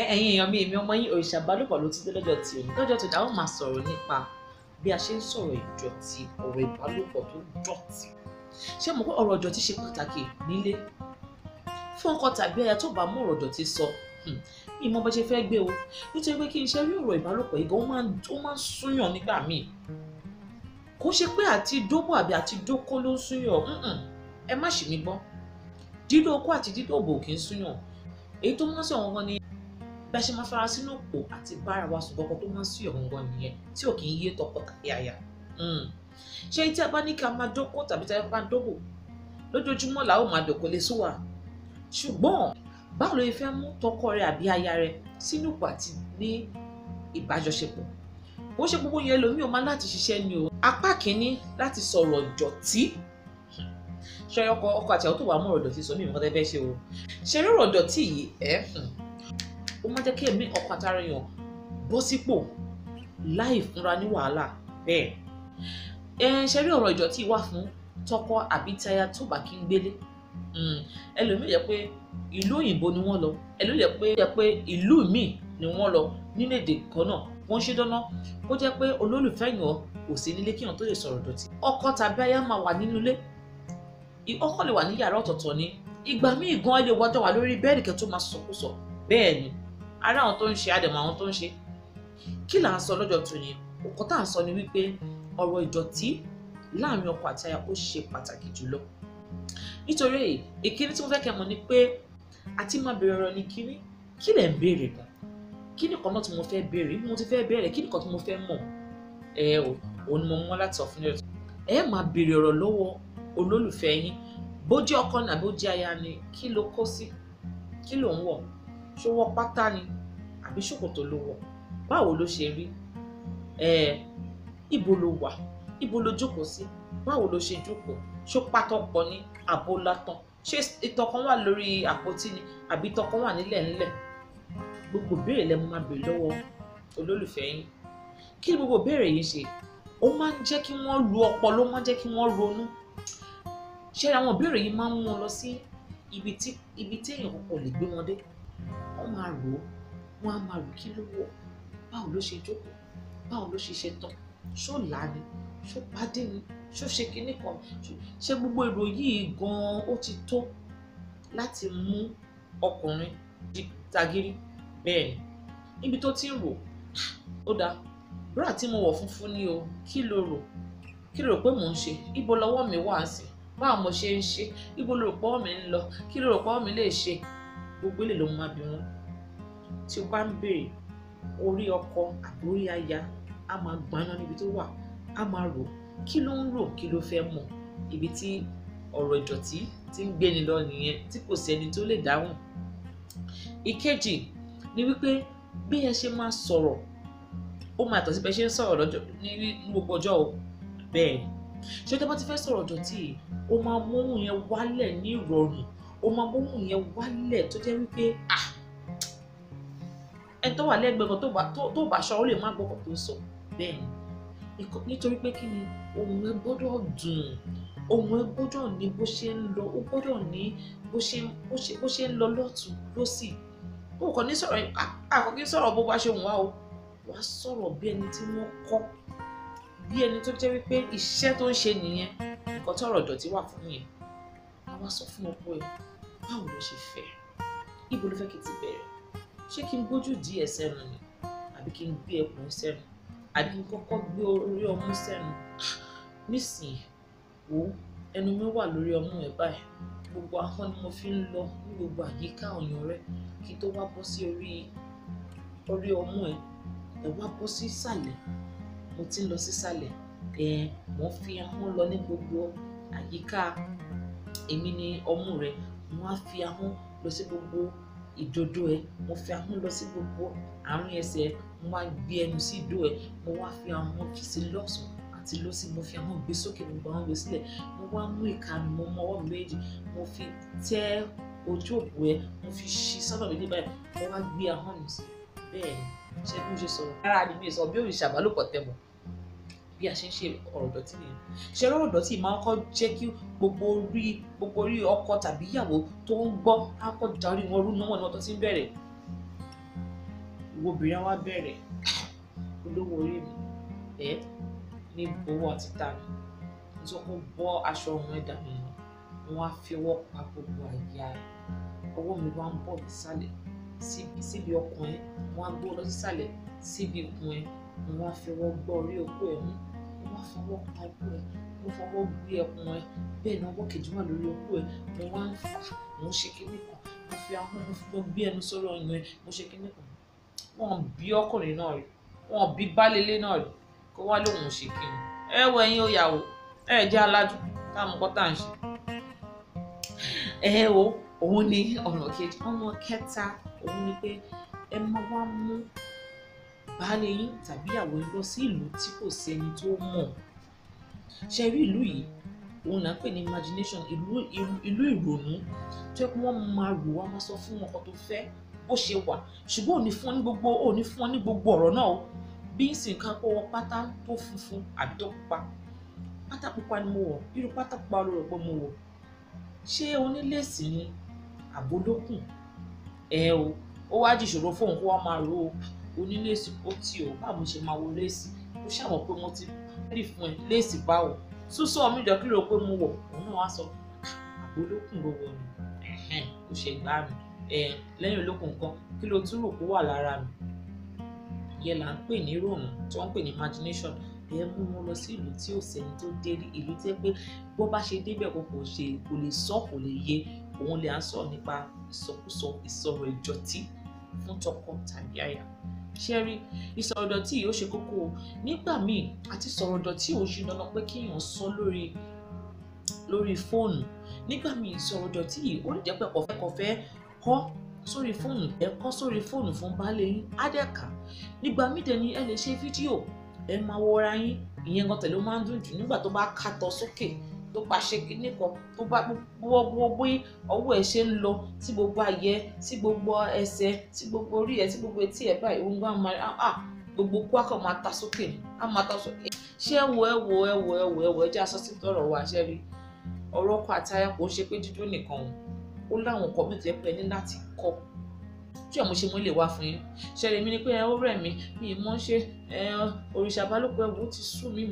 ẹ̀yin èèyàn mi èmi ọmọ yín òrìṣà balùbọ̀ ló ti dé lọ́jọ́ tí òní lọ́jọ́ tó dáhùn máa sọ̀rọ̀ nípa bí a ṣe ń sọ̀rọ̀ ìdọ̀tí ọ̀rọ̀ ìbálòpọ̀ tó dọ̀tí ṣé mo pé ọ̀rọ̀ ìdọ̀tí ṣe pàtàkì nílé fún ọkọ tàbí aya tó bá mú ọ̀rọ̀ ìdọ̀tí sọ hmm, mi mọ bá ṣe fẹ́ gbé o nítorí pé kí n ṣe rí ọ̀rọ̀ ìbálòpọ̀ yìí gan ó máa ń súnyàn nígbà míì kò ṣe pé àti dóbò àbí àti dókó ló ń súnyàn hmm, ẹ má ṣì mí gbọ́ dídó okó àti dídó òbò kì í súnyàn èyí tó mọ́ sí ọ̀hún gan ni bá ṣe máa fara sínú òpó àti bára wa sùn gbọ́gbọ́ tó máa ń sùn ọ̀gbọ̀n nìyẹn tí ò kì í yé tọkọtaya hmm. ṣé tí a bá ní ká máa dóko tàbí tá a bá dóko lójoojúmọ́ làwọn máa dòkó lè sún wa ṣùgbọ́n báwo ló fẹ́ mú tọkọ rẹ àbí aya rẹ sínú òpó àti ní ìbájọṣepọ̀ bó ṣe gbogbo yẹn lómi ò máa láti ṣiṣẹ́ ni o apá kínní láti sọ̀rọ̀ ìdọ̀tí ṣe ọkọ ọkọ àti àwọn tó wà mú ọ̀rọ̀ ìdọ̀tí sọ mí nǹkan ṣe o ṣe rírọ̀ ìdọ̀tí yìí ẹ̀ ó máa jẹ́ kí ẹ̀mí ọkọ̀ àtàrà èèyàn bọ́ sípò láì fúnra ní wàhálà bẹ́ẹ̀. ẹ ṣe rí ọ̀rọ̀ ìjọ tí ì wà fún tọkọ àbí táyà tó bá kí ń gbélé hmm. ẹlòmíì yẹ pé ìlú òyìnbó ni wọ́n lọ ẹlòmíì yẹ pé ìlú míì ni wọ́n lọ nínú èdè kan náà wọ́n ṣe dáná kó jẹ́ pé olólùfẹ́ yàn kò sí nílé kíyàn tó lè sọ̀rọ̀ dọ̀tí ọkọ tàbí aya máa wà nínú ilé ọkọ lè wà ní yàrá ọ̀tọ̀ọ̀tọ̀ ni ìgbà míì gan ẹ lè wájọ wà lórí bẹ́ẹ̀dì kẹ́ tó máa sọkúsọ bẹ́ẹ̀ ni ará àwọn tó ń ṣe àdèmọ̀ àwọn tó ń ṣe kí là ń sọ lọ́jọ́ tòní òkú tá à ń sọ ni wípé ọ̀rọ̀ ìdọ̀tí láàrin ọkọ àti aya ó ṣe pàtàkì jùlọ nítorí èyí ìkíní tí mo fẹ́ kẹ́ mọ̀ ni pé àti máa bèrè ọ̀rọ̀ ní kíní kí lẹ̀ ń béèrè gan kí nìkan náà tí mo fẹ́ béèrè mo ti fẹ́ béèrè kí nìkan tí mo fẹ́ mọ̀ ẹ o òun ni mo mọ́ láti sọ fún ẹ máa bèrè ọ̀rọ̀ lọ́wọ́ olólùfẹ́ yín bó jẹ́ ọkọ náà bó jẹ́ aya ni kí ló kó sí kí ló ń wọ̀ ṣó wọ pátá ni àbí ṣòkòtò ló wọ báwo ló ṣe rí ẹ ibo ló wà ibo ló jókòó sí báwo ló ṣe jókòó ṣó pátọ́ pọ̀ ní àbó látàn ṣé ìtọ̀ kan wà lórí àpótí ni àbí ìtọ̀ kan wà nílẹ̀ nílẹ̀ gbogbo béèrè lẹ́mu máa béèrè lọ́wọ́ olólùfẹ́ yín kí ni gbogbo béèrè yìí ṣe ó máa ń jẹ́ kí wọ́n ru ọpọlọ ó máa ń jẹ́ kí wọ́n ronú ṣé àwọn béèrè yìí máa ń mú wọn lọ sí ibi tí èèyàn kò lè gbé wọn dé wọ́n máa rò ó wọ́n á máa rò kí ló wọ̀ báwo ló ṣe jókòó báwo ló ṣe ṣe tán ṣó là ni ṣó pàdé ni ṣó ṣe kinní kan ṣé gbogbo èrò yìí gan-an ó ti tó láti mú ọkùnrin di tagiri bẹ́ẹ̀ ni níbi tó ti ń rò ó ah, dáa búrà tí mo wọ̀ funfun ni o kí lo rò kí lo rò pé mò ń ṣe ibo lọ́wọ́ mi wà sí báwo mo ṣe ń ṣe ibo lo mi ń lọ kí lo rò pé ọmọ mi lè ṣe gbogbo èlé ló máa bí wọn tí o bá ń béèrè orí ọkọ àbí orí aya a máa gbaná níbi tó wà a máa rò kí ló ń rò kí ló fẹ́ mọ̀ ibi tí ọ̀rọ̀ ìdọ̀tí ti ń gbéni lọ nìyẹn tí kò sẹ́ni tó lè dáhùn. ìkejì ni wípé bí ẹ ṣe máa sọ̀rọ̀ ó máa tọ̀ sí bẹ́ẹ̀ ṣe ń sọ̀rọ̀ lọ́jọ́ ní gbogbo ọjọ́ o bẹ́ẹ̀ ṣé tó bá ti fẹ́ sọ̀rọ̀ ìdọ̀tí ó máa mú òun yẹn wálẹ̀ ní ìrọ̀rùn o máa mọ́mú yẹn wálẹ̀ tó jẹ́ wípé ah ẹni tó wà lẹ́gbẹ̀ẹ́ kan tó bá aṣọ ó lè má gbọ́kàn tó ń sọ bẹ́ẹ̀ nítorí pé kí ni ohun ẹ gbọ́dọ̀ dùn ohun ẹ gbọ́dọ̀ ní bó ṣe ń lọ ó gbọ́dọ̀ ní bó ṣe ń lọ lọ́tún lọ́sì ó kàn ní sọ̀rọ̀ àkọ́kí sọ̀rọ̀ bó bá ṣe wù wá o wá sọ̀rọ̀ bí ẹni tí wọ́n kọ́ bí ẹni tó jẹ́ wípé iṣẹ́ tó ń ṣe nìyẹn nǹkan tọ̀rọ̀ dọ̀tí wà fún yẹn àwa sọ fún ọkọ ẹ̀ báwo ló ṣe fẹ́ ibo ló fẹ́ kí n ti bẹ̀rẹ̀ ṣé kí n gbójú di ẹ̀ sẹ́nu ni àbí kí n gbé ẹkùn sẹ́nu àbí kí n kọ́kọ́ gbé orí ọmú sẹ́nu nísìnyí wò ó ẹnu mi wà lórí ọmú ẹ báyìí gbogbo ahọ́n ni mo fi ń lọ ní gbogbo àyíká ọ̀yàn rẹ kí n tó wá bọ́ sí orí orí ọmú ẹ ẹ wá bọ́ sí ìsàlẹ̀ mo ti ń lọ sí ìsàlẹ̀ ẹ mo fi ahọ́n lọ ní gbogbo àyíká èmi ni ọmú rẹ mo á fi ahọ́n lọ sí gbogbo ìdodo ẹ mo fi ahọ́n lọ sí gbogbo àárín ẹsẹ̀ mo wá gbé ẹnu sí ìdó ẹ mo wá fi ahọ́n fi sí lọ́sùn àti lọ́sì mo fi ahọ́n gbé sókè mo gbà wọ́n gbé sílẹ̀ mo wá mú ìkànnì mo mọ ọwọ́ mi méjì mo fi tẹ́ ojú òpó ẹ mo fi ṣí sábà mi ní báyìí mo wá gbé ahọ́n mi sí bẹ́ẹ̀ ṣẹ́gun ṣe sọ̀rọ̀ rárá ni sọ bí òrìṣà bá lò pọ̀ mọ́ bí a ṣe ń ṣe ọ̀rọ̀ dọ̀tí nìyẹn ṣe ọ̀rọ̀ dọ̀tí máa ń kọ́ jẹ́ kí gbogbo orí gbogbo orí ọkọ tàbí ìyàwó tó ń gbọ́ á kọ́ da orí wọn rú níwọ̀n náà tó ti ń bẹ̀rẹ̀ obìnrin wa bẹ̀rẹ̀ olówó orí mi ẹ̀ ní owó àti ta mi nítorí kó bọ́ aṣọ ọ̀hún ẹ̀dá mi wọn á fi ọwọ́ pa gbogbo àyà ọwọ́ mi wá ń bọ̀ nísàlẹ̀ síbi ọkùnrin wọn á gbó lọ sísàlẹ̀ síbi ikùn ẹ̀ á fi ọwọ́ gbọ́ orí òkú ẹ̀ mú mo wá fọwọ́ pa ọkọ ẹ mo fọwọ́ gbé ẹkùn ẹ bẹ́ẹ̀ ni ọwọ́ kejì wà lórí ọkọ ẹ mo wá ń fà mo ń ṣe kíní kan mo fi ahọ́n mo fi gbé ẹnu sọ́rọ̀ ọyàn ẹ mo ṣe kíní kan wọn bí ọkùnrin náà rí wọn bí bálélé náà rí kó wá lóun ṣe kíni ẹ wọ ẹyin òyàwó ẹ jẹ́ alájú táwọn nǹkan tá à ń ṣe ẹ wo òun ni ọ̀nà kejì ọmọ kẹta òun ni pé ẹ máa wá mú baálé yín tàbí ìyàwó yín lọ sí ìlú tí kò sẹ́ni tó mọ̀ ṣe rí ìlú yìí òun là ń pè ní imagination ìlú ìrònú tó yẹ kí wọ́n máa rò wá máa sọ fún ọkọ tó fẹ́ bó ṣe wà ṣùgbọ́n òní fún ọ ní gbogbo òní fún ọ ní gbogbo ọ̀rọ̀ náà o bí n sì ń kan pọ́wọ́ pátá tó funfun àbí tó pupa pátá pupa ni mo wọ̀ irú pátá pupa ló rọ̀ pé mo wọ̀ ṣé onílẹ̀sì ni àbólókùn ẹ o ó wá di ìṣòro fóun kó wá máa ro o oníléèsì ó ti ò báwo ṣe máa wo léèsì ó ṣàwọn pé wọ́n ti rí fún ẹ léèsì báwo sísọ mi jọ kí ló pé mo wọ̀ òun náà wá sọ ah, àgbólókùn ló wọ ni kò ṣe gbá mi lẹ́yìn olókùn nǹkan kí ló tún rò kó wà lára mi yẹn là ń pè ní ròmù tí wọ́n ń pè ní imagination ẹ mú wọn lọ sí ìlú tí ò sẹ́ni tó dé rí ìlú tí ẹ pé bó bá ṣe débẹ̀ kò kò ṣe kò lè sọ kò lè yé òun lè à ń sọ nípa ìsọkúsọ ìsọ̀rọ̀ ìjọtí fún tọkọ tàbí àyà ṣẹ́rí ìsọ̀rọ̀ dọ̀tí yìí ó ṣe kókó o nígbà míì àti sọ̀rọ̀ dọ̀tí ò ṣe dandan pé kéèyàn sọ lórí lórí fóònù nígbà míì ìsọ̀rọ̀ dọ̀tí yìí ó lè jẹ́ pé kọ̀fẹ́kọ̀fẹ́ kọ́ sórí fóònù ẹ kọ́ sórí fóònù fún baálé yín ádẹ́ka nígbà míì dẹ̀ ẹ lè ṣe fídíò ẹ máa wọra yín ìyẹn gan tẹ̀lé ó máa ń dùn jù nígbà tó bá kàtọ́ sókè tó bá ṣe kinní kan tó bá gbogbo bí ọwọ́ ẹ ṣe ń lọ tí gbogbo ayẹ tí gbogbo ẹsẹ tí gbogbo orí ẹ tí gbogbo etí ẹ báyìí òun bá máa à ah, ah, gbogbo kó akọ máa ta sókè á máa ta sókè ṣé ẹ wo ẹ wo ẹ wo ẹ wo ẹ wo ẹ jẹ́ aṣọ sí tọrọ wa ṣe rí ọ̀rọ̀ ọkọ àtaya kò ṣe pé jíjó nìkan o ó láwọn nǹkan mi tó yẹ pé ẹ ní láti kọ́ tí ọmọ ṣe mú ilé wá fún yín ṣẹlẹ̀ mi ni pé ẹ ó rẹ̀ mí mi ì mọ̀ ṣe òrìṣà balùwẹ̀ wo ti sú mi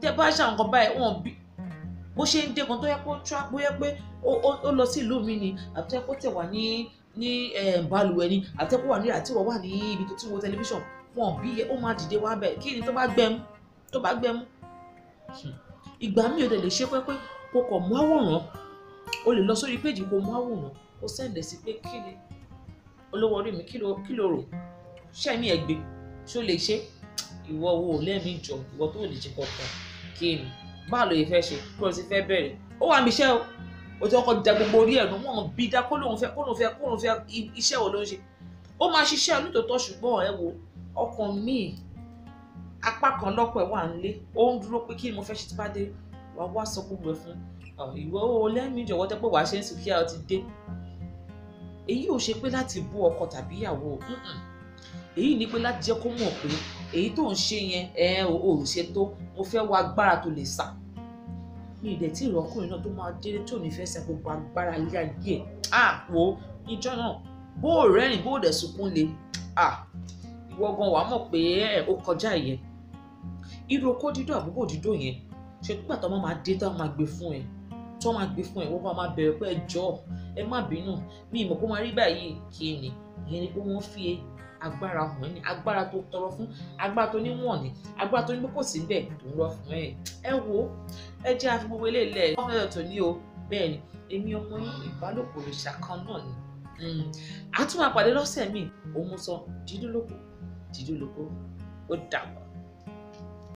tẹ bá ṣàǹkan báyìí wọn bí bó ṣe ń dégun tó yẹ kó tra bó yẹ pé ó lọ sí ìlú mi ni àti ẹkọ tẹ wà ní ní balùwẹ̀ ni àti ẹkọ wà ní àti wọ́n wà ní ibi tó ti wo tẹlifíṣàn wọn bí ó máa dìde wá bẹ̀ kí ni tó bá gbẹmú tó bá gbẹmú ìgbà mi ò dẹ̀ lè ṣe pẹ́pẹ́ kó kọ̀ mú àwòrán o lè lọ sórí péjì kó mú àwòrán o sẹ́ǹdẹ̀ sí pé kí ni olówó orí mi kí ló rò ṣẹ́mi ẹ̀gbẹ́ ṣó lè ṣe ìwọ wo lẹ́mìí jọ ìwọ tó lè ṣe kọ̀ọ̀kan kí ni báà lóye fẹ́ ṣe kó o sì fẹ́ bẹ̀rẹ̀ ó wà níbi iṣẹ́ o o ti kọ́kọ́ da gbogbo orí ẹ̀nu wọn bí da kó lóun fẹ́ kó lóun fẹ́ kó lóun fẹ́ iṣẹ́ wo ló ń ṣe ó máa ṣiṣẹ́ onítòótọ́ ṣùgbọ́n ẹ wo ọkàn míì apá kan lọ́pọ̀ ẹ̀ wà nílé ó ń dúró pé kí ni mo fẹ́ ṣe ti bá dé wàá wá sọ gbogbo ẹ̀ fún ìwọ o lẹ́mìí jọ̀wọ́ tẹ́ pé wàá ṣe ń sùn kí a ti dé èyí ò ṣe pé láti bú ọkọ tàbí ìyàwó èyí ni pé láti jẹ́ kó mọ̀ pé èyí tó ń ṣe yẹn ẹ ò ṣe tó mo fẹ́ wá agbára tó lè sà mi ìdẹ̀ tí ìrọ́kùnrin náà tó máa délé tí ò ní fẹ́ sẹ́ gbogbo agbára ilé ayé ẹ̀ à wò ó níjọ́ náà bó o rẹ́rìn bó o dẹ̀ sunkún le à ìwọ gan wàá mọ̀ pé ó kọjá ìyẹn irú okó dídó àbúkò dídó yẹn ṣe nígbà tó máa dé tó máa gbé fún ẹ tó máa gbé fún ẹ wọ́n máa bẹ̀rẹ̀ pé ẹ jọ̀ọ́ ẹ má bínú mi ìmọ̀ kó máa rí báyìí kí ni ìyẹn ni pé wọ́n fi agbára hàn ẹ́ ní agbára tó tọrọ fún agbára tó níwọ̀n ní agbára tó ní kò sí bẹ́ẹ̀ tó ń rọ fún ẹ̀ ẹ wo ẹ jẹ́ àfi gbogbo eléyìí lẹ̀ ọ́ fẹ́rẹ̀ tó ní o bẹ́ẹ̀ ni èmi ọmọ yín ìbálòpọ̀ lè ṣàkan náà ni àtúmọ̀ hmm, àpàdé lọ́sẹ̀ míì òun sọ dídúlókò dídúlókò ó dàbọ̀.